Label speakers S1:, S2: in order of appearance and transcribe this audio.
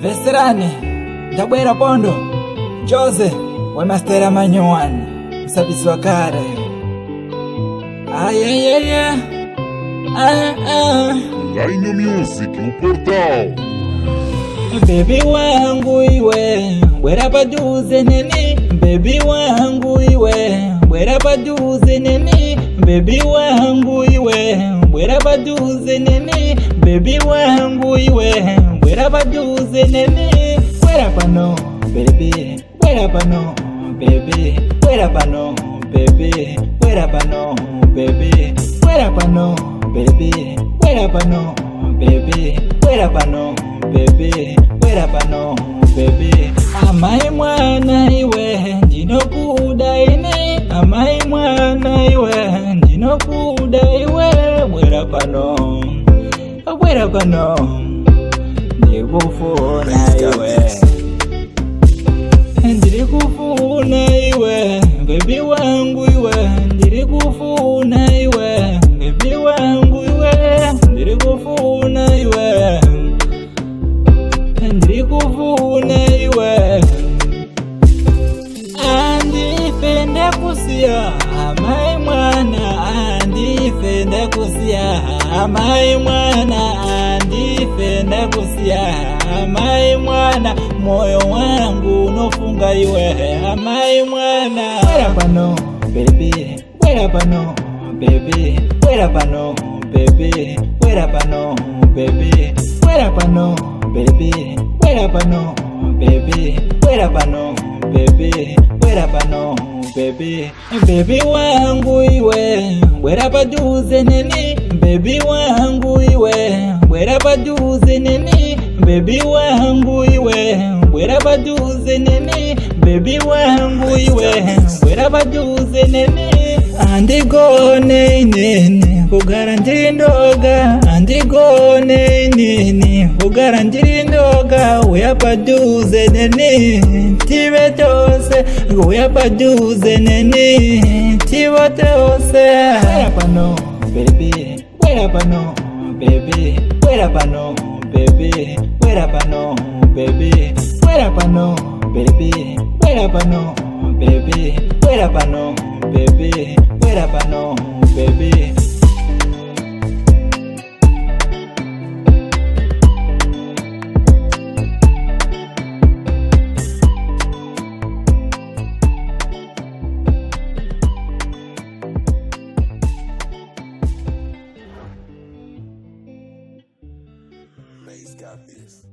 S1: veserane ndabwera bondo jose wemasitera manyowani msabisi wa kale ayeyeye
S2: ngainyo music uportao
S1: bebi wangu iwe bwera pajuze nini bebi wangu iwe bwera pajuze nini bebi wangu iwe bwera pajuze nini bebi wangu iwe padhuze neme wera pano bebe wera pano bebe wera pano bebe wera pano bebe wera pano bebe wera pano bebe wera pano bebe wera pano bebe amai mwana iwe ndinokuda ine amai mwana iwe ndinokuda iwe wera pano wera pano ndirikufuna iwe iwe bebi wangu iwe ndirikufuna iwe bebi wangu iwe ndirikufuna iwe iwe andipende kusia amai mwana andipende kusia amai mwana andi amai mwana moyo wangu unofunga iwe amai mwana wera pano baby wera pano baby wera pano baby wera pano baby wera pano baby wera pano baby wera pano baby wera pano baby baby wangu iwe wera pajuze nini baby wangu iwe wera pajuze nini bebi wangu iwe mbwera baduze nemi bebi wangu iwe mbwera baduze nemi andigone inene kugara ndiri ndoga andigone inene kugara ndiri ndoga uya baduze neni tive tose uya baduze neni tivo tose Baby, where are you? Baby, where are you? baby, where up baby, fuera up baby, bebé up baby, baby, baby. He's got this.